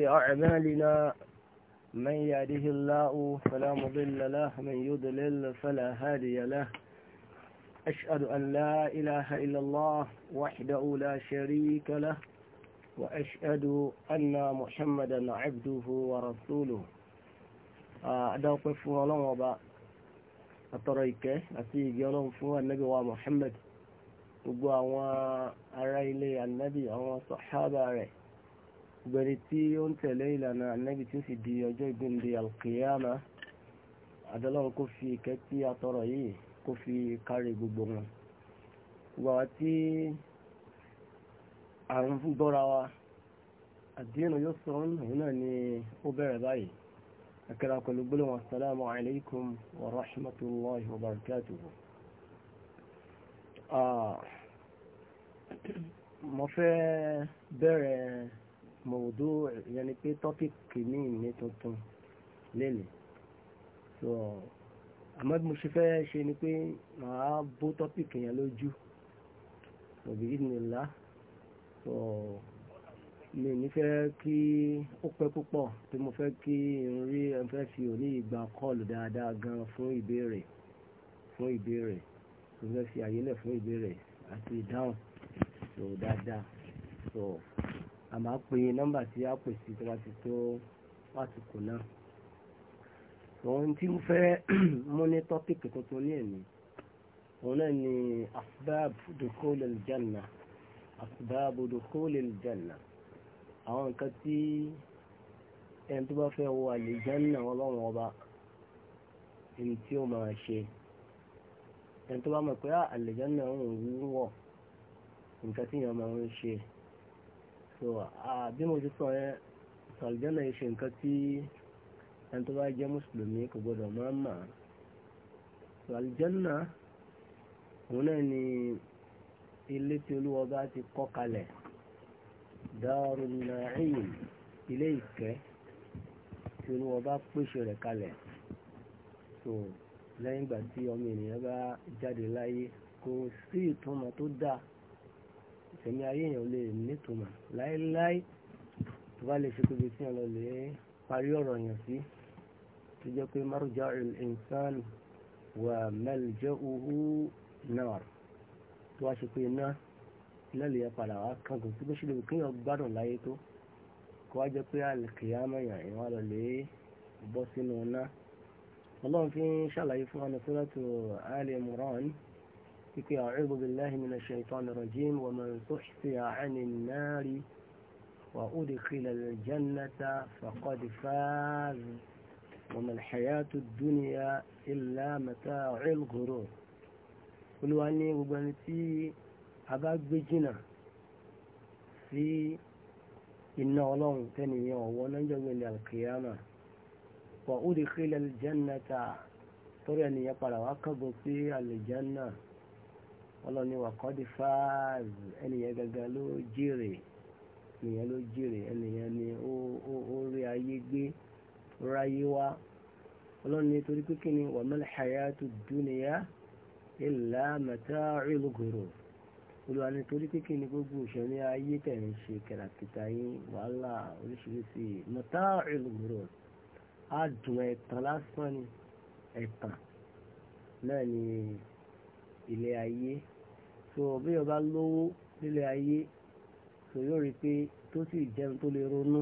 أعمالنا من يهده الله فلا مضل له من يضلل فلا هادي له أشهد أن لا إله إلا الله وحده لا شريك له وأشهد أن محمدا عبده ورسوله أدوقف ولن وبا أتريك أتيك يلون فهو النبي ومحمد وقوى أرى إلي النبي وصحابه gbẹ̀rẹ̀ tí ó ń tẹ̀lé ìlànà ànábì tí ó sì di ọjọ́ ìgbìndì alkiyama adọ́lọ́run kó fi ìkẹ́ tí a tọrọ yìí kó fi kárí gbogbo wọn gbàwá tí àrùn fún gbọ́ra wa àdínú yóò sọ ọ́n òun náà ni ó bẹ̀rẹ̀ báyìí akẹ́rọ pẹ̀lú gbólóhùn assalamu alaikum wa rahmatullahi wa barakatuhu ah, mo fẹ́ bẹ̀rẹ̀ mọ̀wòdó ìyẹn ni pé tọ́pìkì ní ìní tuntun lẹ́nu so àmọ́ bí mo ṣe fẹ́ ṣe ni pé màá bó tọ́pìkì yẹn lójú òbí nìlá so mi ní fẹ́ kí ó pẹ́ púpọ̀ tí mo fẹ́ kí n rí ẹ fẹ́ fi òní ìgbà kọ́ọ̀lù dáadáa gan fún ìbéèrè fún ìbéèrè mo fẹ́ fi àyè fún ìbéèrè àti ìdáhùn so dáadáa so àmọ́ pé nọ́mbà tí a pè sí tó bá ti tó àsìkò náà òun tí ó fẹ́ mú ní tọ́pìkì tuntun ní ẹ̀mí òun náà ni asbab dukhul al-janna asbab dukhul al-janna àwọn nǹkan tí ẹni tó bá fẹ́ wọ àlìjánà ọlọ́run ọba èyí tí ó máa ṣe ẹni tó bá mọ̀ pé àlìjánà òun wọ̀ nǹkan tí èèyàn máa ń ṣe so àbí mo ti sọ ẹ sàlùjánà ìṣe nǹkan tí ẹni tó bá jẹ́ mùsùlùmí kò gbọdọ̀ máa mà á sàlùjánà òun náà ni ilé tí olúwa bá ti kọ́ kalẹ̀ Darun Na'im ilé ìkẹ́ tí olúwa pèsè rẹ̀ kalẹ̀ so lẹ́yìn ìgbà tí ọmọ ènìyàn bá jáde láyé kò sí ìtumọ̀ tó dáa ìsẹ̀mí ayé èèyàn lè nítumọ̀ láéláé tó bá lè ṣe tóbi tí èèyàn lọ lè parí ọ̀rọ̀ èèyàn sí tó jẹ́ pé márùjá ìsán wà mẹ́lìjẹ́ òhú náà tó wá ṣe pé iná iná lè padà wá kángun tí bó ṣe lè kí èèyàn gbádùn láyé tó kó wá jẹ́ pé àlìkìyàmọ̀ èèyàn èèyàn wá lọ lè bọ́ sínú iná ọlọ́run fi ń ṣàlàyé fún wa ní sọ́dọ̀tò Ali Imran kíkẹ́ a'udhu billahi minash shaitanir rajim wa man tuhsiya 'anil nari wa udkhilal jannata faqad faz wa mal hayatud dunya illa mata'ul ghurur olúwa ní gbogbo ẹni tí a bá gbé jìnnà sí iná ọlọ́run tẹ́nìyàn ọ̀wọ́ lọ́jọ́ gbẹ̀lẹ̀ alkiyama wa udkhilal jannata torí ẹnìyàn padà wá kángun sí alìjánà ọlọ́ni wà kọ́ di fáàzì ẹnìyẹn gangan ló jèrè ẹnìyẹn ló jèrè ẹnìyẹn ni ó ó ó rí ayé gbé ráyé wá ọlọ́ni torí pé kí ni wà mal hayatu dunya illa mata'ul ghurur olùwà ni torí pé kí ni gbogbo òṣèré ayé tẹ̀ ń ṣe kẹ̀ràkìtà yín wàhálà oríṣiríṣi mata'ul ghurur á dùn ẹ̀tàn lásán ni ẹ̀tàn náà ni ilé ayé so bí ọba lówó nílé ayé so yóò rí pé tó sì jẹun tó lè ronú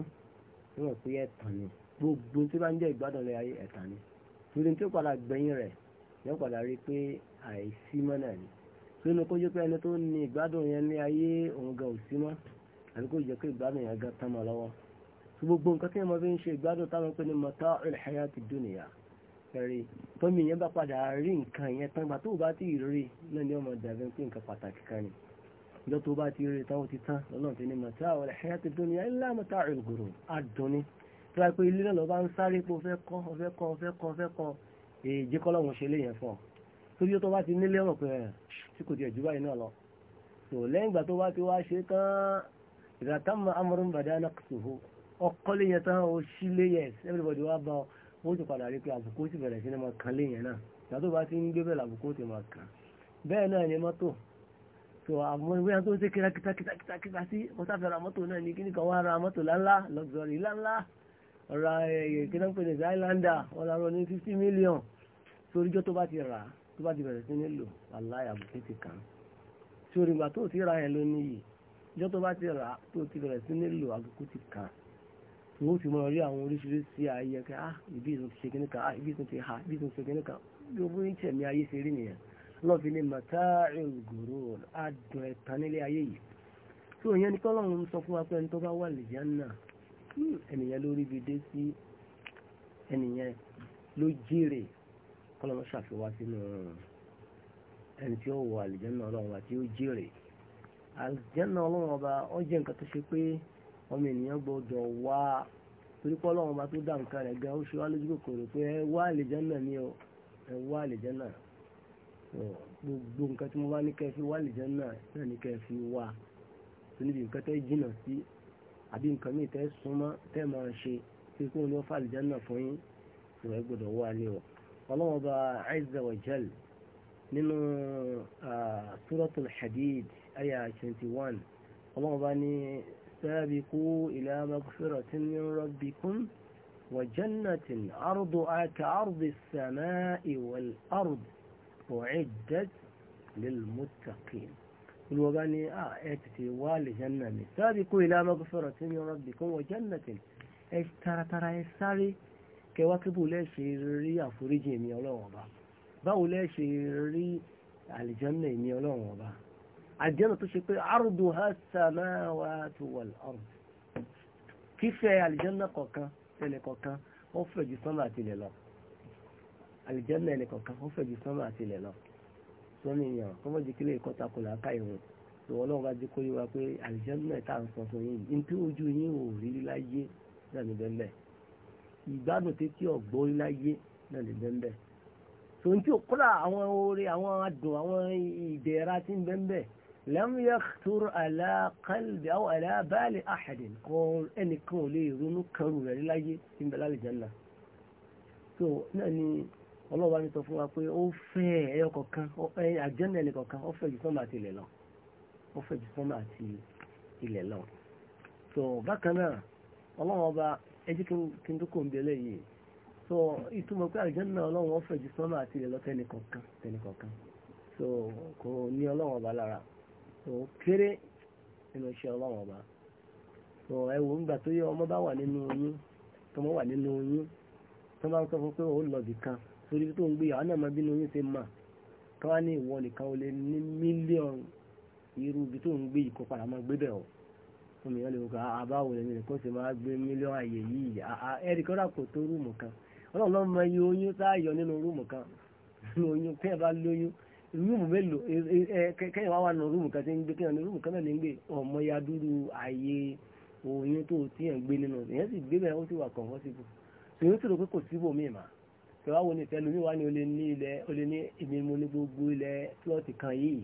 níwọ̀n pé ẹ̀tàn ni gbogbo tí bá ń jẹ́ ìgbádùn ilé ayé ẹ̀tàn ni torí tí ó padà gbẹ̀yìn rẹ̀ yóò padà rí pé àìsí mọ́nà ni sínú kó jẹ́ pé ẹni tó ní ìgbádùn yẹn ní ayé òun gan òsí mọ́ àbí kó jẹ́ pé ìgbádùn yẹn gan tán mọ́ lọ́wọ́ gbogbo nǹkan tí wọ́n fi ń ṣe ìgbádùn táwọn pé ní mata'ul hayatid rí tómi yẹn bá padà rí nǹkan yẹn tán gbà tó bá ti rí náà ni ọmọ dàbí pé nǹkan pàtàkì kan ni lọ tó bá ti rí tán ó ti tán lọ́nà tó ní mọ̀tá ọ̀rẹ́ hayati dunya illa mata'ul ghurur adùnni tó wáyé pé ilé náà lọ bá ń sáré pé o fẹ́ kọ́ o fẹ́ kọ́ o fẹ́ kọ́ o fẹ́ kọ́ èjì kọ́ lọ́wọ́ ṣe lé yẹn fún ọ torí tó bá ti nílé ọ̀rọ̀ pé tí kò tiẹ̀ jù báyìí náà lọ tó lẹ́yìn ìgbà tó bá ti wá ṣe tán ìgbà táwọn amúrúmbàdá náà ọkọ́ lé tán o ṣí lé yẹn everybody wá bá ọ ó ti padà rí pé àbùkù ti bẹ̀rẹ̀ sí ní máa kan léèyàn náà ìgbà tó bá ti ń gbé bẹ́ẹ̀ làbùkù ti máa kan bẹ́ẹ̀ náà ni mọ́tò tó àwọn ìwéyàn tó ń ṣe kíra kíta kíta kíta kíta sí ọ̀tá fẹ́ ra mọ́tò náà ní kí nìkan wá ra mọ́tò láńlá luxury láńlá ra ẹ̀yẹ eh, kí náà ń pè ní Highlander wọn rọ ní fifty million sóríjọ́ tó bá ti rà tó bá ti bẹ̀rẹ̀ sí ní lò wàláhì àbùkù ti kàn sórí ìgbà tó ti ra yẹn lónìí yìí tó bá ti rà tó ti bẹ̀rẹ̀ sí ní lò àbùkù ti kàn tí wọ́n fi máa rí àwọn oríṣiríṣi ayẹyẹ kí ah ibi ìtún ti ṣe kíní kan ah ibi ìtún ti ha ibi ìtún ti ṣe kíní kan bí o bó ń ayé ṣe rí nìyẹn lọ́ọ̀fin ni mata'il gurur adùn ẹ̀tàn nílé ayé yìí tí sọ fún wa pé ẹni tó bá wà lìjánà hmm, ẹnìyẹn ló rí ibi dé sí ẹnìyẹn ló jèrè kọ́lọ́mọ́ ṣàfiwá sínú ẹni tí ó wọ ọlọ́run àti ó jèrè ọlọ́run ọmọ ènìyàn gbọ́dọ̀ wá torí pé ọlọ́run bá tó dá nǹkan rẹ̀ gan ó ṣe wá lójú kòkòrò pé ẹ wá àlìjánà ni o ẹ wá àlìjánà gbogbo nǹkan tí mo bá ní kẹ́ fi wá àlìjánà náà ní kẹ́ fi wá tó níbi nǹkan tẹ́ jìnà sí àbí nǹkan míì tẹ́ súnmọ́ tẹ́ máa ṣe pé kí wọ́n ní wọ́n fà àlìjánà fún yín tó ẹ gbọ́dọ̀ wá ní o ọlọ́run bá Azza wa Jal nínú ah, Suratul Hadid ayah twenty one ọlọ́run bá ní. سابقوا إلى مغفرة من ربكم وجنة عرضها كعرض السماء والأرض أعدت للمتقين الوغاني آه اتتي والجنة سابقوا إلى مغفرة من ربكم وجنة إيش ترى ترى إيش الساري كواكب لا شيء ري أفريجي ميولون وبا باو لا شيء ري الجنة ميولون وبا àlìjẹ́nà tó ṣe pé àrùdù ha samawatu wal ard fífẹ́ àlìjẹ́nà kọ̀ọ̀kan ẹnì kọ̀ọ̀kan ó fẹ̀ ju sánmà àti ilẹ̀ lọ àlìjẹ́nà ẹnì kọ̀ọ̀kan ó fẹ̀ ju sánmà àti ilẹ̀ lọ sọ́nà èèyàn kọ́mọ́ jẹ́ kílé ìkọ́ta kò láká ìrùn ìwọ náà bá jẹ́ kó yé wa pé àlìjẹ́nà ẹ̀ta ń sọ fún yín ní tí ojú yín ò rí láyé náà ní bẹ́ẹ̀ ìgbádùn tí tí ọ̀gbọ́n rí láyé náà ní bẹ́ẹ̀ tòun tí ò kọ́ra àwọn oore àwọn adùn àwọn ìdẹ̀ra tí ń bẹ́ẹ̀ lam yakhtur ala qalbi aw ala bali ahadin kò ẹnìkan ò lè ronú kẹrù rẹ̀ láyé tí ń bẹ lálẹ́ jẹ́nà so náà ni ọlọ́wà ní sọ fún wa pé ó fẹ́ ẹyọ kọ̀ọ̀kan àjẹ́nà ẹnì kọ̀ọ̀kan ó fẹ́ ju sọ́mà àti ilẹ̀ lọ ó fẹ́ ju sọ́mà àti ilẹ̀ lọ so bákan náà ọlọ́wọ́n ọba ẹjí kí n dúkò ń bẹ lẹ́yìn so ìtumọ̀ pé àjẹ́nà ọlọ́wọ́n ó fẹ́ ju sọ́mà àti ilẹ̀ lọ tẹ́nìkọ̀ọ̀kan tẹ́nìkọ̀ọ̀kan so kò ní ọlọ́wọ́n ọba lára O kéré nínú iṣẹ́ ọlọ́wọ́n ọba tó ẹwò ń gbà tó yẹ ọmọ bá wà nínú oyún tọmọ wà nínú oyún tó bá ń sọ fún pé ó lọ bìkan torí tó ń gbé yàrá náà máa oyún ṣe mà tó wá ní ìwọ nìkan ó lé ní mílíọ̀nù irú ibi tó ń gbé yìí kó rúùmù mélòó kẹ́yìn wá wà nù rúùmù kan tí ń gbé kẹ́yìn ní rúùmù kan náà ní gbé ọmọ ya dúró ààyè oyún tó ti yàn gbé nínú ìyẹn sì gbé bẹ́ẹ̀ ó sì wà comfortable tòun sì rò pé kò síbò míì mà tẹ̀wá wo ni ìfẹ́lu mi wá ní olè ní ilẹ̀ olè ní èmi mo ní gbogbo ilẹ̀ plọ́ọ̀tì kan yìí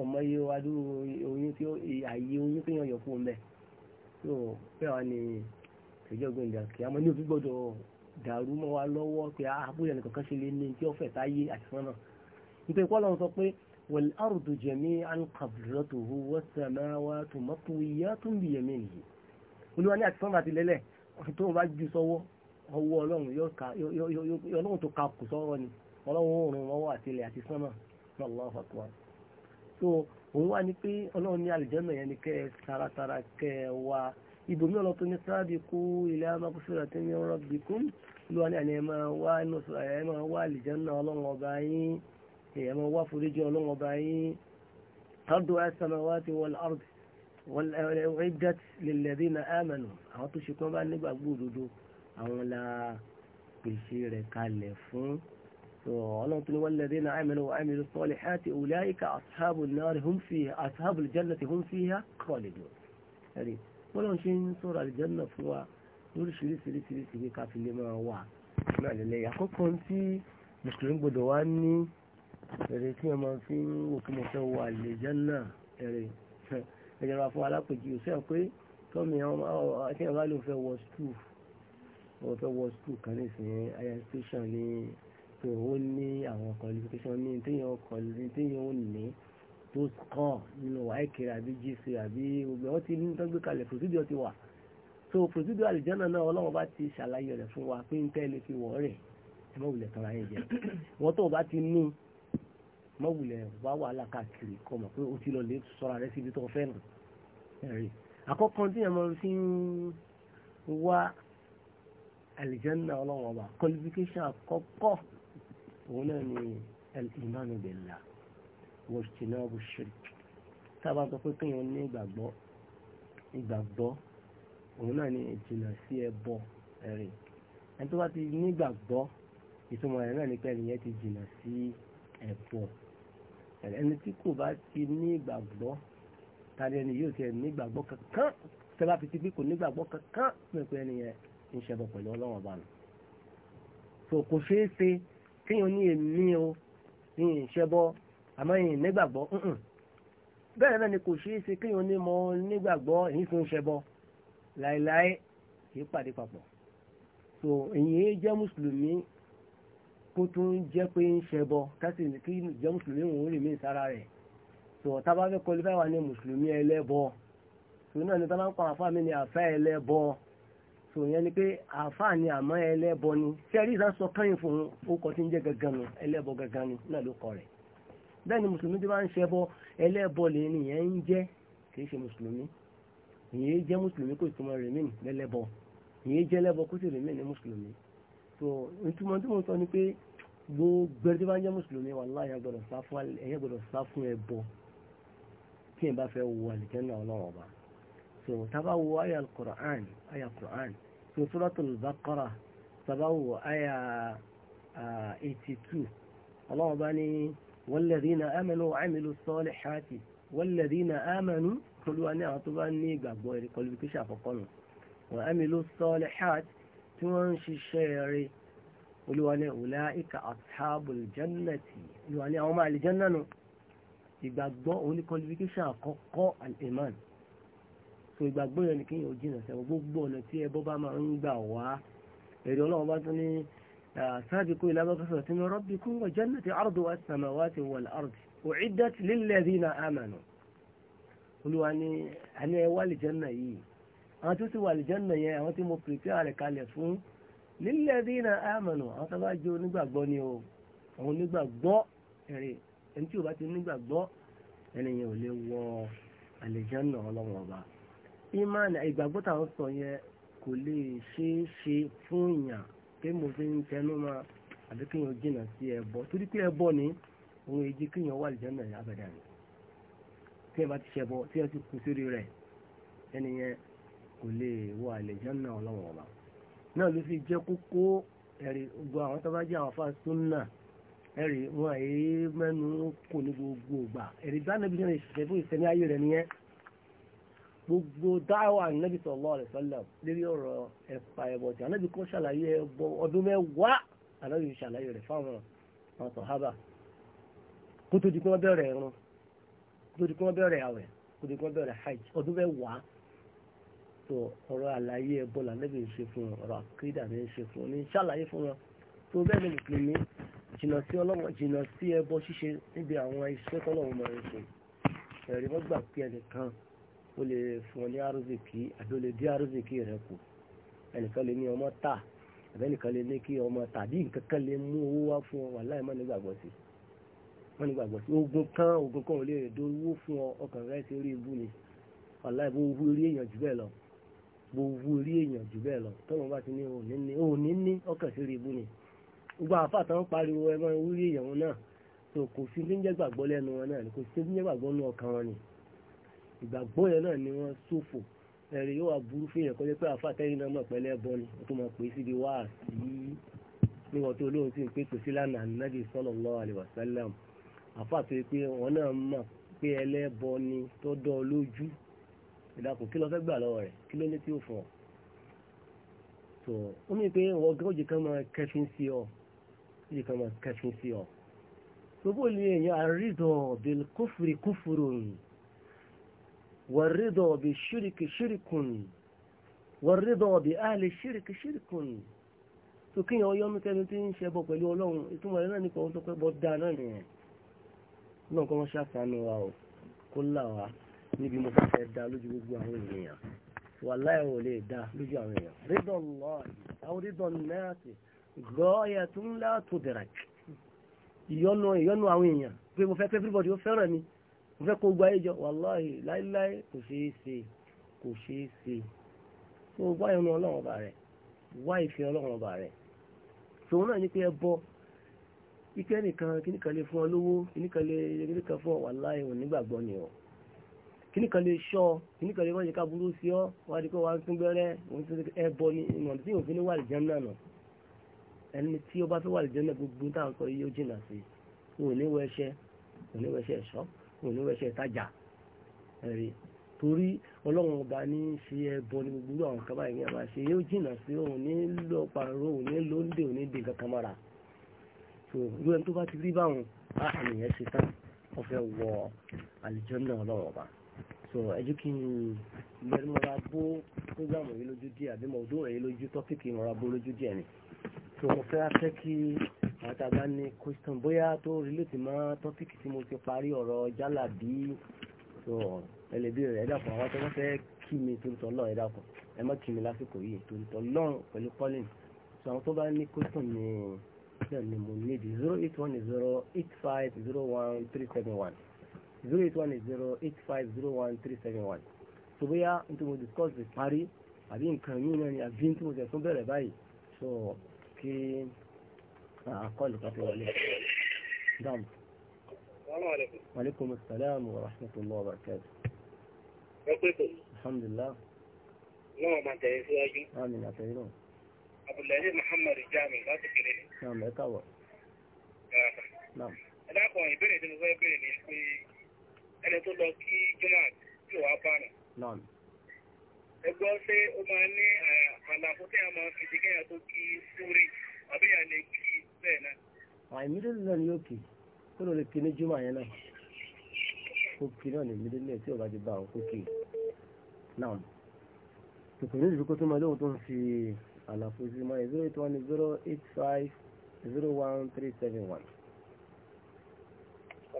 ọmọ iye wa dúró oyún tí ààyè oyún tó yàn yọ̀ fún un bẹ́ẹ̀ tó bẹ́ẹ̀ wá ní ìjọgbìn ìdàkì àmọ́ ní òbí gbọ́dọ̀ dàrú mọ́ wa lọ́wọ́ pé àbúyọ̀ ah, nìkan kan ṣe lé ní tí ó fẹ̀ táyé àti fọ́nà nítorí pé ọlọ́run sọ pé wal ardu jami'an qabdatuhu was samawatu matwiyatun bi yaminihi olúwa ní àtìsọ́nà àti lẹ́lẹ̀ tó bá ju sọ́wọ́ ọwọ́ ọlọ́run yóò tó ka kù sọ́rọ̀ ni ọlọ́run òórùn ọwọ́ àti ilẹ̀ àti sánmà Allahu so òun wá ní pé ọlọ́run ní àlùjẹ́mọ̀ yẹn ni kẹ́ ẹ taratara kẹ́ ẹ wá ibòmí ọlọ́ tó ní sáàbì kú ilẹ̀ amákúsílẹ̀ tí ń rọ́bì kú ló ní àná ẹ máa wá àlùjẹ́mọ̀ ọlọ́run ọba yín èèyàn máa wá foríjì ọlọ́run ọba yín ardu as-samawati wal ardi wal uiddat lilladhina amanu àwọn tó ṣe kí wọ́n bá nígbàgbọ́ òdodo àwọn la pèsè rẹ̀ kalẹ̀ fún ọlọ́run tó ní walladhina amanu wa amilu salihati ulaika ashabun nari hum fiha ashabul jannati hum fiha khalidun ẹ̀rí bọ́lọ́n ṣe ń sọ̀rọ̀ àlìjẹ́nà fún fi lè èrè tí wọ́n máa fi ń wò kí mo fẹ́ wọ àlùjánnà èrè ìjọba fún alápèjì òṣèlú pé tọ́mi àti ìyàwó ló fẹ́ wọ skul wọ́n fẹ́ wọ skul kan nísìnyí higher education ní pé ó ní àwọn qualification ní téèyàn kọ̀lì téèyàn ò ní tó kọ́ nínú wáìkì àbí gc àbí gbogbo ẹ̀ wọ́n ti ní tọ́gbé kalẹ̀ procedure ti wà so procedure àlùjánnà náà ọlọ́run bá ti ṣàlàyé rẹ̀ fún wa pé ń tẹ́lẹ̀ fi wọ̀ rẹ̀ ẹ̀ mọ̀ wulẹ̀ kan ayé jẹ́ wọ́n tó bá ti ní mọ́wùlẹ̀ wá wàhálà káàkiri kọ́ mọ̀ pé o ti lọ lè sọ́ra rẹ síbi tó fẹ́ nù ẹ̀rí àkọ́kọ́ tí ẹ̀mọ́ fi ń wá àlìjẹ́nà ọlọ́run ọba qualification àkọ́kọ́ òun náà ni al-imanu billah wajtinabu shirk tábà sọ pé kéèyàn ní ìgbàgbọ́ ìgbàgbọ́ òun náà ni ìjìnà sí ẹbọ ẹ̀rí ẹni tó bá ti ní ìgbàgbọ́ ìtumọ̀ rẹ̀ náà ni pé ẹnìyẹn ti jìnà sí ẹbọ ẹ̀bùn ẹni tí kò bá ti ní ìgbàgbọ́ tàbí ẹni yóò ti ní ìgbàgbọ́ kankan tẹ́lá fi ti pé kò ní ìgbàgbọ́ kankan pẹ̀pẹ́ ẹni yẹn ń ṣẹbọ pẹ̀lú ọlọ́run ọba nù. tó kò ṣeé ṣe kéèyàn ní èmi o ní ìṣẹbọ àmọ́ ìyìn nígbàgbọ́ bẹ́ẹ̀ náà ni kò ṣeé ṣe kéèyàn ní mọ nígbàgbọ́ èyí tó ń ṣẹbọ láéláé kì í pàdé papọ̀. tó èyí jẹ́ mùsùlùmí kó tún jẹ́ pé ń ṣẹbọ kásì kí ìjọ mùsùlùmí òun rìn mí sára rẹ̀ tó tá bá fẹ́ kọlifá wa ní mùsùlùmí ẹlẹ́bọ tó náà ni tá bá ń pa àfáà mi ní àfẹ́ ẹlẹ́bọ tó yẹn ni pé àfáà ni àmọ́ ẹlẹ́bọ ni sẹ́rí ìsá sọ kẹ́yìn fún ó kọ tí ń jẹ́ gangan nu ẹlẹ́bọ gangan ni náà ló kọ rẹ̀ bẹ́ẹ̀ ni mùsùlùmí tí wọ́n ń ṣẹbọ ẹlẹ́bọ lè ní ìyẹn ń jẹ́ kì í so ìtumọ̀ tí mo sọ ni pé gbogbo ẹni tí bá ń jẹ́ mùsùlùmí wallahi ẹ̀yẹ́ gbọ́dọ̀ sá fún ẹbọ tí ẹ̀ bá fẹ́ wo àlìjẹ́nà ọlọ́run ọba so tábà wo àyà al-Qur'an àyà al-Qur'an so suratul Baqara tábà wo àyà 82 ọlọ́run ọba ní walladhina amanu wa amilu salihati walladhina amanu olúwa ní àwọn tó bá ní ìgbàgbọ́ ẹ̀rí qualification àkọ́kọ́ wa amilu salihati tí wọ́n ń ṣiṣẹ́ rẹ̀ olúwa ní ulaika ashabul jannati olúwa ní àwọn ọmọ àlìjánná nù ìgbàgbọ́ òun ní qualification àkọ́kọ́ al-iman so ìgbàgbọ́ yẹn ni kí yẹn ò jìnà sẹ́wọ̀n gbogbo ọ̀nà tí ẹbọ bá máa ń gbà wá èrè ọlọ́run bá tún ní sabiqu ila maghfiratin min rabbikum wa jannati arduha as-samawati wal ardu u'iddat lilladhina amanu olúwa ní àní àwọn tó ti wà àlìjánà yẹn àwọn tí mo prepare rẹ̀ kalẹ̀ fún lilladhina amanu àwọn tó bá jẹ́ onígbàgbọ́ ni o àwọn onígbàgbọ́ ẹ̀rẹ̀ ẹni tí o bá ti nígbàgbọ́ ẹni yẹn ò lè wọ àlìjánà ọlọ́run ọba ìmánì ìgbàgbọ́ táwọn sọ yẹn kò lè ṣeé ṣe fún èèyàn pé mo fi ń tẹnu mọ́ àbí kéèyàn jìnnà sí ẹbọ torí pé ẹbọ ni òun èjì kéèyàn wà àlìjánà yẹn abẹ́dàá ni tí ẹ bá ti ṣẹbọ tí ẹ ti kú sórí kò lè wọ àlùjánnà ọlọ́wọ́n ọba náà ló fi jẹ́ kókó ẹ̀rí gbogbo àwọn tó bá jẹ́ àwọn afá súnà ẹ̀rí wọn èyí mẹ́nu kò ní gbogbo ìgbà ẹ̀rí bá nàbí sọ̀rọ̀ ìṣẹ̀ṣẹ̀ fún ìṣẹ̀mí ayé rẹ̀ nìyẹn gbogbo dáwà nàbí sallallahu alaihi wasallam lérí ọ̀rọ̀ ẹ̀pà ẹ̀bọ̀ tí ànábì kọ́ ṣàlàyé ẹ̀bọ ọdún mẹ́wàá ànábì ṣàlàyé rẹ̀ fáwọn àwọn sọ̀hábà kó tó di kí wọ́n bẹ̀rẹ̀ ẹ̀rùn kó tó di kí wọ́n bẹ̀rẹ̀ àwẹ̀ hajj ọdún mẹ́wàá so ọ̀rọ̀ àlàyé ẹbọ lànàbì ń ṣe fún ọ̀rọ̀ àkídà ní ń ṣe fún ní ṣàlàyé fún wọn tó bẹ́ẹ̀ ni mùsùlùmí jìnà sí ọlọ́mọ jìnà sí ẹbọ ṣíṣe níbi àwọn iṣẹ́ tọ́lọ́wọ́ máa ń ṣe ẹ̀rí wọ́n gbà pé ẹnìkan ó lè fún ọ ní arúzìkì àbí ó lè dí arúzìkì rẹ kù ẹnìkan lè ní ọmọ tà àbí ẹnìkan lè ní kí ọmọ tàbí nǹkan kan lè mú owó wá fún ọ wà láì má nígbàgbọ́ sí sí ogun kan ogun kan ò lè dowó fún ọ ọkàn rẹ ti rí ibú ni wà láì bó wú rí èèyàn jù bẹ́ẹ̀ lọ gbogbo orí èèyàn jù bẹ́ẹ̀ lọ tọ́lọ́ bá ti ní òní ní òní ní ọkàn sí rí ibú ni gbogbo àfa àtàwọn pariwo ẹ máa ń wúrí èèyàn wọn náà tó kò sí ní jẹ́ gbàgbọ́ lẹ́nu wọn náà kò sí ní jẹ́ gbàgbọ́ nú ọkàn wọn ni ìgbàgbọ́ yẹn náà ni wọ́n ṣòfò ẹ̀rí yóò wá burú fún èèyàn kọjá pé àfa àtẹ́yìn náà mọ̀ pẹ́lẹ́ bọ́ ni wọ́n tó máa pè é síbi wá sí níwọ̀n tó lóun sì ń pè pèsè lánàá nàbì sallallahu alaihi wasallam àfa àti pé wọn náà ìdàkùn kí lọ fẹ́ gbà lọ́wọ́ rẹ̀ kí ló ní tí ó fún ọ so ó ní pé wọ́n gán òjì kan máa kẹfín sí ọ òjì kan máa kẹfín sí ọ gbogbo ilé èèyàn àrídọ̀ bil kufri kufrun wàrídọ̀ bí ṣíríkì ṣírìkùn wàrídọ̀ bí ahli ṣíríkì ṣírìkùn so kí yẹn ọyọ́ mítẹ́ni tí ń ṣe bọ̀ pẹ̀lú ọlọ́run ìtumọ̀ rẹ̀ náà nípa ohun tó pẹ́ bọ́ dáa náà nìyẹn náà kọ́ wọ́n ṣàfihàn wa o kó là wá níbi mo bá fẹ́ dá lójú gbogbo àwọn ènìyàn wàláhì ò lè dá lójú àwọn èèyàn rídọ̀ lọ àwọn rídọ̀ náà ti gbọ́ ẹ̀yà tó ńlá tó dẹ̀rẹ̀ ìyọnu ìyọnu àwọn èèyàn pé mo fẹ́ pé everybody ó fẹ́ràn mi mo fẹ́ kó gba ayé jọ wàláhì láíláí kò ṣeé ṣe kò ṣeé ṣe tó wá ìrun ọlọ́run ọba rẹ̀ wá ìfẹ́ ọlọ́run ọba rẹ̀ tòun náà ní pé ẹ bọ́ ike nìkan kíníkan lè fún ọ lówó kíníkan lè kíníkan fún ọ wàláhì ò nígbàgbọ́ ni ọ kíní kan lè ṣọ́ kíní kan lè wọ́n yẹ ká burú sí ọ́ wá di pé wá ń tún bẹ́rẹ́ òun ti ẹbọ ní ìmọ̀ tí òun fi ní wà lè jẹun náà nà ẹni tí ó bá fẹ́ wà lè jẹun náà gbogbo tá à ń sọ yìí ó jìnà sí òun ní wẹṣẹ òun ní wẹṣẹ ẹ̀ṣọ́ òun ní wẹṣẹ ìtajà ẹ̀rí torí ọlọ́run ọba ní ṣe ẹbọ ní gbogbo àwọn kan báyìí ní àbá yóò jìnà sí òun ní lọ pàrọ̀ òun ní lóńdè òun ní dè kankan mọ́ra so irú ẹni tó bá ti rí báwọn á yẹn ṣe tán wọ́n fẹ́ wọ àlìjọ náà ọlọ́run ọba so ẹjú kí n bẹ̀rẹ̀ mọ́ra bó prógámù yìí lójú díẹ̀ àbí mọ̀ọ́dún rẹ̀ yìí lójú tọ́pìkì mọ́ra bó lójú díẹ̀ ni so mo fẹ́ fẹ́ kí àwọn tàbá ní question bóyá tó relate mọ́ tọ́pìkì tí mo ti parí ọ̀rọ̀ jálà bí so ẹlẹ́bí rẹ̀ ẹ̀dàpọ̀ àwọn tó fẹ́ kí mi tó ń tọ́ lọ́ọ̀ ẹ̀dàpọ̀ ẹ má kí mi lásìkò yìí tó ń tọ́ lọ́ọ̀ pẹ̀lú Pauline so àwọn tó bá ní question ni náà ni mo need zero eight one zero eight five zero one three seven one zero eight one eight zero eight five zero one three seven one so bóyá n tó mo discuss lè parí àbí nǹkan yìí náà ni àbí n tó mo tẹ̀sán bẹ̀rẹ̀ báyìí so kí àkọlù kan fi wọlé dam. Aleykum salaam wa rahmatullahi wa barakatuh. Ẹ pé kò. Alhamdulillah. Náà máa tẹ̀lé síwájú. Àmì àtẹ̀yìn náà. Abdullahi Muhammad Jami láti kéré ni. Náà mẹ́ta wọ̀. Ẹ dákun ìbéèrè tí mo fẹ́ béèrè ni pé ẹni tó lọ kí jọ́mà tí wàá bànà. ẹgbọ́n ṣé ó máa ní àlàfo tí a máa fi di kéèyàn tó kí súrí àbí yà lè kí bẹ́ẹ̀ náà. àìmídìrí náà ni yóò kì kó ló lè kí ní jùmọ̀ yẹn náà kó kí náà ní mídìrí náà tí ò bá ti bá àwọn kó náà tòkè ní ìdíkó tó máa lóhun tó ń fi àlàfo sí máa zero eight one zero eight five zero one three seven one.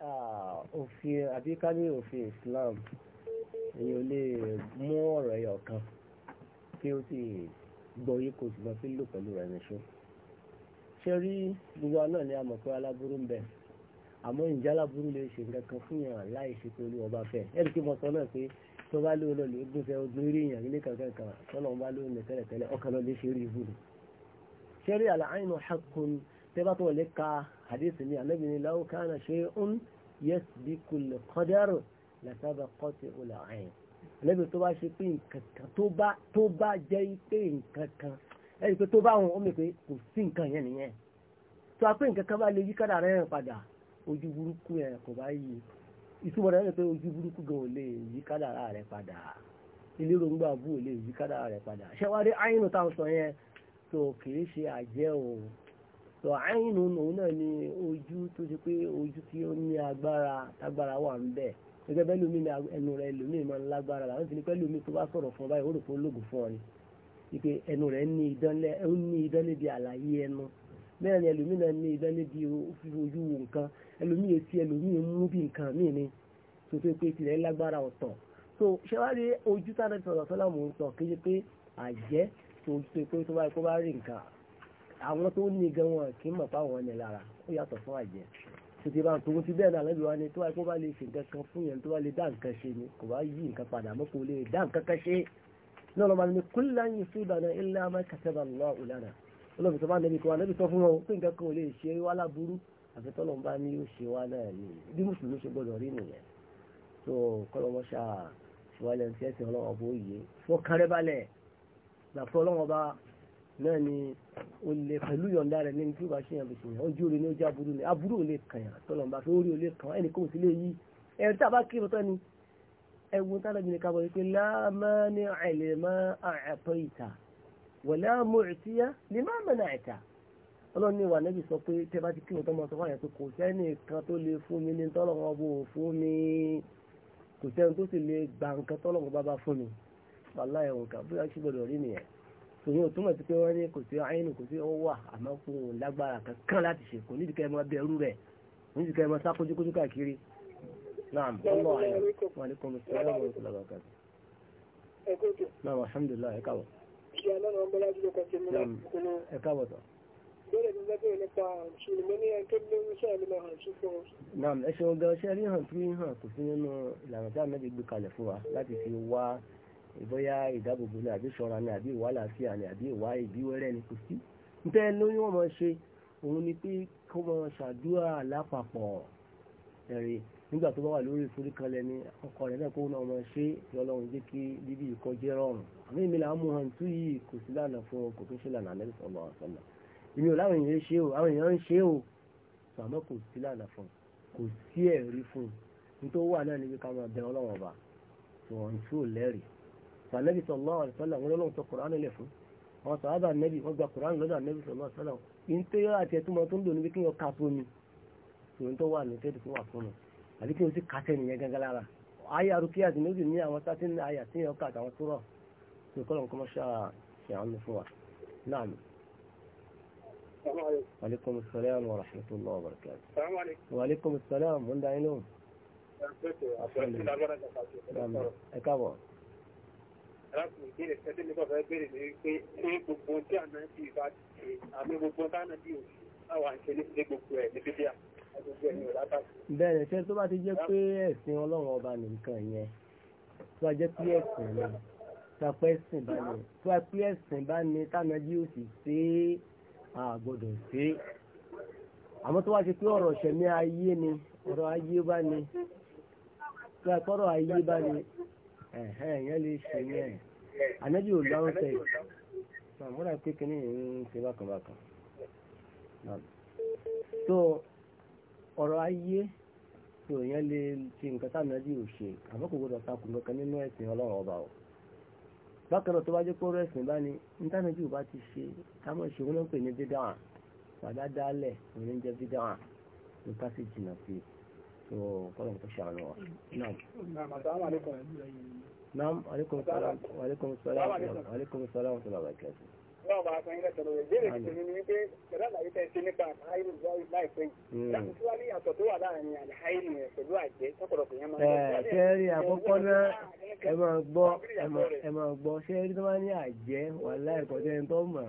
òfin àbí ká ní òfin Islam èyàn lè mú ọ̀rọ̀ ẹyọ kan kí ó sì gbọ́ yí kò sì lọ sí lò pẹ̀lú rẹ̀ nìṣó ṣe rí gbogbo náà ni a mọ̀ pé aláburú ń bẹ àmọ́ ìjà aláburú lè ṣe nǹkan kan fún yàn láì ṣe pé olú ọba fẹ́ ẹ̀rí kí mo sọ náà pé tó bá lóun lọ́ọ́ lè gúnfẹ́ ogun rí yàn nílé kankan kan tọ́lọ́run bá lóun lè tẹ́lẹ̀tẹ́lẹ̀ ọkàn lọ́ọ́ lè ṣe rí ibù ni ṣe rí àlàáyìn náà tẹ́bá tó wọlé ka hadith ni anabi ni law kana shay'un yasbiqul qadar la sabaqatuhu al-ayn anabi tó bá ṣe pé nǹkan kan tó bá tó bá jẹ́ pé nǹkan kan ẹni pé tó bá wọn ó mẹ pé kò sí nǹkan yẹn nìyẹn tó a pé nǹkan kan bá lè yí kádà rẹ̀ padà ojú burúkú yẹn kò bá yí ìtumọ̀ rẹ̀ pé ojú burúkú gan ò lè yí kádà rẹ̀ padà ilérògbà bú ò lè yí kádà rẹ̀ padà ṣẹ́wárí àyínú táwọn sọ yẹn tó kìí ṣe àjẹ́ òun sọ àìnù òun náà ni ojú tó ṣe pé ojú tí ó ní agbára tágbára wà ń bẹ gẹ́gẹ́ bẹ́ẹ̀ lómi ní ẹnu rẹ lómi máa ń lágbára làwọn ti ní pẹ́ lómi tó bá sọ̀rọ̀ fún ọ báyìí ó rò pé ó lògùn fún ọ ni ìpè ẹnu rẹ ní ìdánlẹ̀ ó ní ìdánlẹ̀ bí àlàyé ẹnu bẹ́ẹ̀ ẹlòmí náà ní ìdánlẹ̀ bí ojú wo nǹkan ẹlòmí etí ẹlòmí mú bí nǹkan míì ni tó tó pé tirẹ̀ lágbára ọ̀tọ̀ so ṣẹwárí ojú tánà sọ̀rọ̀ sọ́lá mò ń sọ kéde pé àjẹ́ tó tó pé tó bá rí nǹkan àwọn tó ní gan wọn kì í mọ̀ fáwọn ní lára ó yàtọ̀ fún àjẹ́ títí bá ń tòun ti bẹ́ẹ̀ náà lẹ́bi wa ni tó wáyé kó bá lè ṣe nǹkan kan fún yẹn tó bá lè dá nǹkan ṣe ni kò bá yí nǹkan padà mọ́ kó lè dá nǹkan kan ṣe náà lọ́mọ ni kullan yusibana illa ma kataba Allahu lana olóòfin tó bá nẹbi kó wa sọ fún wọn pé nǹkan kan ò lè ṣe wá láburú àfi tọ́lọ̀ ń bá ní yóò ṣe wá náà ni bí mùsùlùmí ṣe gbọdọ̀ rí nìyẹn tó kọ́lọ́ ṣáà ṣùgbọ́n ẹlẹ́ni ọlọ́wọ́ bó yé fọ́kànrẹ́balẹ̀ làfọ́ ọlọ́wọ́ bá náà ni o lè pẹ̀lú yọ̀ǹda rẹ̀ lẹ́ni tí o bá ṣe yàn bèsè yàn ojú orin ní ojú aburú ni aburú ò lè kàn yàn tọ́lọ̀ nígbà tó orí ò lè kàn ẹnì kò sí lè yí ẹ̀rọ tí a bá kí lọ́tọ́ ni ẹ̀wọ̀n tá lọ́jọ́ ní ká bọ̀ wípé láàmà ní àìlè má àpọ̀ ìta wọ̀lá mú ìtìyà ní má mẹ́nà àìta ọlọ́run ní ìwà sọ pé tẹ́ bá ti kí lọ́tọ́ máa sọ fáyà pé tó kò ìyẹn ò túmọ̀ sí pé wọ́n ní kò sí àyínú kò sí ọwọ́ àmọ́ fún un lágbára kankan láti ṣe kò nídìí kẹ́ ẹ máa bẹ̀rù rẹ̀ kò nídìí kẹ́ ẹ máa sá kójúkójú káàkiri náà ọlọ́ àyà wọn ni kò mọ̀ sí ọwọ́ wọn kò lágbára náà alhamdulilah ẹ káàbọ̀. ẹ káàbọ̀ tán. náà ẹ ṣeun gan ṣe rí hàn tí hàn kò sí nínú ìlànà tí àmì ìbóyá ìdábòbò ni àbí ṣọ́ra ni àbí ìwà làásìá ni àbí ìwà ìbíwẹ́rẹ́ ni kò sí ntẹ́ lóyún wọn máa ṣe òun ni pé kó máa ṣàdúrà lápapọ̀ ẹ̀rí nígbà tó bá wà lórí ìforíkanlẹ̀ ni ọkọ rẹ̀ náà kó náà máa ṣe kí ọlọ́run jẹ́ kí bíbí ìkọjẹ́ rọrùn àmì mi là ń mú hàn tú yìí kò sí lànà fún ọ kò tó ṣe lànà àlẹ́ sọ̀rọ̀ àṣọ̀nà èmi náà níbi sànẹ́bí sallallahu alaihi wasallam wọn lọ́wọ́ tó kùrán nílẹ̀ fún àwọn sàábà nẹ́bí wọ́n gba kùrán lọ́dọ̀ nẹ́bí sallallahu alaihi wasallam yìí ń tẹ́ yọ́ àti ẹtúmọ̀ tó ń lò níbi kí wọ́n ka fún mi tòun tó wà ní tẹ́tù tó wà fún mi àbí kí wọ́n sì ka tẹ́ni yẹn gángan lára ayé ورحمة الله وبركاته السلام عليكم السلام من دعينهم الحمد لله láti ìbéèrè tẹ́tẹ́ nípa fẹ́ bẹ̀rẹ̀ lórí pé ṣé gbogbo tí àná ti bá ṣe àmì gbogbo tánà bí òṣì àwọn àṣẹ ní ṣe gbogbo ẹ̀ ní bíbíà gbogbo ẹ̀ ní ọ̀dà báyìí. bẹ́ẹ̀ ṣe tó bá ti jẹ́ pé ẹ̀sìn ọlọ́run ọba nìkan yẹn tó bá jẹ́ pé ẹ̀sìn ni tó bá ẹ̀sìn bá ní tó bá pé ẹ̀sìn bá ní tánà bí òṣì ṣe à gbọ́dọ̀ ṣe àmọ́ tó bá ti pé ọ̀rọ̀ ṣẹ̀mí ayé ni ọ̀rọ̀ ayé bá ní tó bá pé ayé bá ní ẹ̀hẹ́ ìyẹn lè ṣe yẹn ànábì ò dáhùn tẹ̀ múra pé kíní ń ṣe bákanbákan tó ọ̀rọ̀ ayé tó yẹn lè ṣe nǹkan tá ànábì ò ṣe àmọ́ kò gbọdọ̀ takùn kankan nínú ẹ̀sìn ọlọ́run ọba o bákan náà tó bá jẹ́ pé ọ̀rọ̀ ẹ̀sìn bá ní ntánàbí ò bá ti ṣe kámọ́ ṣe wọn náà pè ní dídáhà padà dálẹ̀ òní jẹ́ dídáhà ló ká sì jìnnà sí i tó kọ́lọ̀ tó ṣàánú wa. Naam, alaikum salaam, alaikum salaam, alaikum salaam, salaam alaikum. Náà bá a sọ ilé ìṣòro ni ni ní wípé ṣẹlẹ̀ àlàyé tẹ́ ṣe nípa ni láìpẹ́ yìí. Láti tí wá ní àtọ̀ tó wà ni àìlú rẹ̀ ni àjẹ́ tọ́pọ̀lọpọ̀ yẹn máa ń gbọ́. Eh, ẹ ṣe rí àkọ́kọ́ náà ẹ máa gbọ́ ẹ máa gbọ́ ṣe rí tó bá ni àjẹ́ wà láìpọ̀ tẹ́ tó mọ̀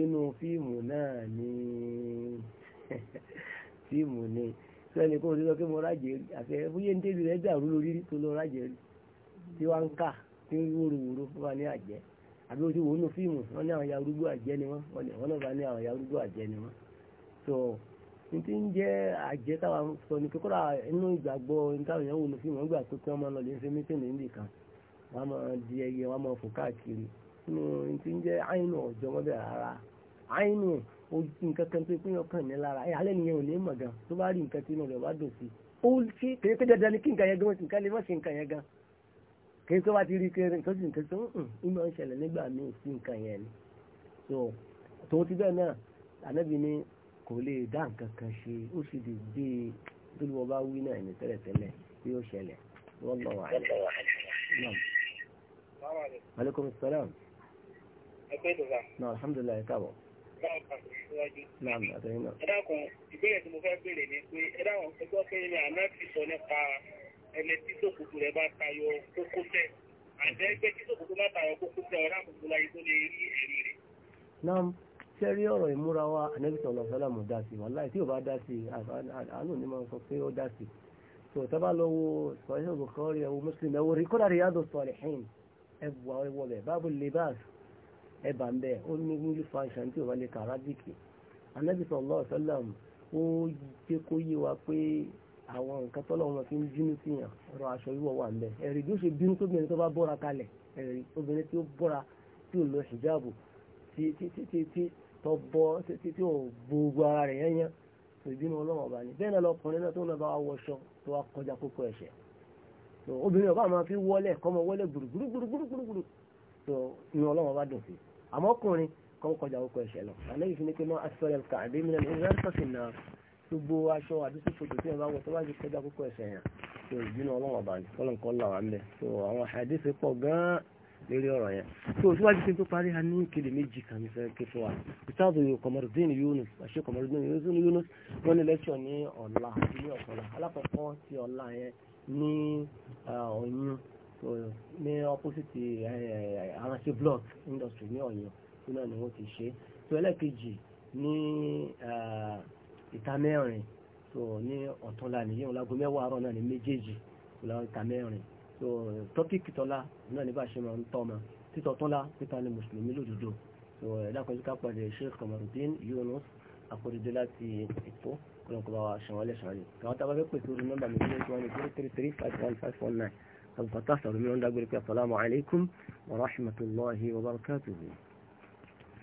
inú fíìmù náà ni fíìmù ni. Sọ ẹnì kan ò ní sọ pé mo rájẹ rí àfẹ́ fúyé ní tẹ́lẹ̀ rẹ̀ dàrú lórí tó lọ rájẹ rí tí wọ́n ń kà tí ń wúrúwúrú wọ́n bá ní àjẹ́ àbí ojú wo nù fíìmù wọ́n ní àwọn ya arúgbó àjẹ́ ni wọ́n wọ́n náà bá ní àwọn ya arúgbó àjẹ́ ni wọ́n so n ti ń jẹ́ àjẹ́ táwa sọ ní pé kóra inú ìgbàgbọ́ táwọn èèyàn wò nù fíìmù wọ́n gbà pé kí wọ́n máa lọ lè ṣe mítìnì nìkan wọ́n máa di ẹyẹ wọ́n máa fò káàkiri nínú n ti ń jẹ́ àìnù ọ̀jọ́ mọ́bẹ̀ rárá àìnù nǹkan kan tó pín ọkàn ní lára ẹ alẹ́ nìyẹn ò ní mọ̀ gan tó bá rí nǹkan tí inú rẹ̀ wá dùn sí ó ṣe dandan ní kí nǹkan yẹn gan kí n tó bá ti rí kí nǹkan sì nǹkan tó mm, ń máa ń ṣẹlẹ̀ nígbà míì sí nǹkan yẹn ni so tòun ti bẹ́ẹ̀ náà ànábì ni kò lè dá nǹkan kan ṣe ó sì lè gbé e tó ló bá wí náà ní tẹ́lẹ̀tẹ́lẹ̀ bí ó ṣẹlẹ̀ wọ́n lọ wà ní. aleykum salaam. ẹ pé dùgbà. náà alhamdulilayi káàbọ̀. Naam, àtẹ̀yìn náà. Ẹ dákun, ìbéèrè tí mo fẹ́ béèrè ni pé ẹ dákun ẹgbẹ́ pé ní àná ti sọ nípa ẹni tí sòkòtò rẹ̀ bá tayọ kókósẹ̀ àdẹ́gbẹ́ tí sòkòtò bá tayọ kókósẹ̀ ọ̀rá àkókò láyé tó lè rí ẹ̀rí rẹ̀. nam ṣe rí ọ̀rọ̀ ìmúra wa Ànábì sallallahu alaihi wasallam dá sí wàláì tí ò bá dá sí àánú ni máa sọ pé ó dá sí tó tábà lọ wo Sahih Bukhari ẹ̀wọ̀ Muslim ẹ̀wọ̀ rí kódà Riyadus Salihin ẹ̀wọ̀ ẹ̀wọ̀ bẹ̀ báàbù libas ẹ̀bà ń bẹ̀ ó ní wíwí fashion tí ò bá lè kà arábìkì Ànábì sallallahu alaihi wasallam ó jẹ́ kó yé wa pé àwọn nǹkan tó lọ́wọ́ fi ń bínú sí yàn ọ̀rọ̀ aṣọ wíwọ̀ wà ńbẹ ẹ̀rí bí ó ṣe bínú tóbìnrin tó bá bọ́ra kalẹ̀ ẹ̀rí obìnrin tí ó bọ́ra tí ò lọ ṣìjáàbò tí tí tí tí tí tó bọ́ tí tí tí ò gbogbo ara rẹ̀ yẹn yẹn tó ìbínú ọlọ́wọ́ ọba ni bẹ́ẹ̀ náà lọkùnrin náà tó ń bá wa wọṣọ tó wá kọjá kókó ẹ̀ṣẹ̀ tó obìnrin ọba máa fi wọlé kọ́mọ wọlé gbùrùgbùrùgbùrùgbùrù tó ìyẹn ọlọ́wọ́ ọba dùn sí àmọ́kùnrin kọ́ kọjá kókó ẹ̀ṣẹ̀ lọ àlẹ́ yìí gbogbo aṣọ àdúsífòtò tí wọ́n bá wọ tó bá ti kọjá kókó ẹ̀sẹ̀ yẹn tó ìbínú ọlọ́wọ̀n bá ní kọ́lọ̀kọ́ là wà mẹ́ tó àwọn àdéṣe pọ̀ gan-an lérí ọ̀rọ̀ yẹn tó síwájú tí n tó parí a ní ìkéde méjì kan ní fẹ́ẹ́ ké fún wa ìtàdùn yóò Qamardeen Yunus àṣẹ Qamardeen Yunus wọ́n ní lẹ́tọ̀ ní ọ̀la ilé ọ̀kọ̀la alákọ̀ọ́kọ́ ti ọ̀la yẹn ní ọ̀yún ní opposite aranṣẹ́ block industry ní ọ̀yún nínú ni wọ́n ti ṣe tó ẹlẹ́kejì ní ìta mẹ́rin so ní ọ̀túnla nìyẹn ọ̀làgọ́ mẹ́wàá àárọ̀ náà ní méjèèjì ìta mẹ́rin so tọ́pìkì tọ́lá náà ní bá ṣe máa ń tọ́ ọmọ títọ́ tọ́lá níta ni mùsùlùmí lòdòdó so ẹ̀dá kan síkà pàdé Sheikh Kamarudin Yunus akóredé láti ètò kọlọ́nkọba wa ṣàn wọlé ṣàn lè kàwọn tá a bá fẹ́ pèsè orí nọ́mbà mi zero one zero three three five one five one nine àbùkátà sọ̀rọ̀ mi ló wa rahmatulahi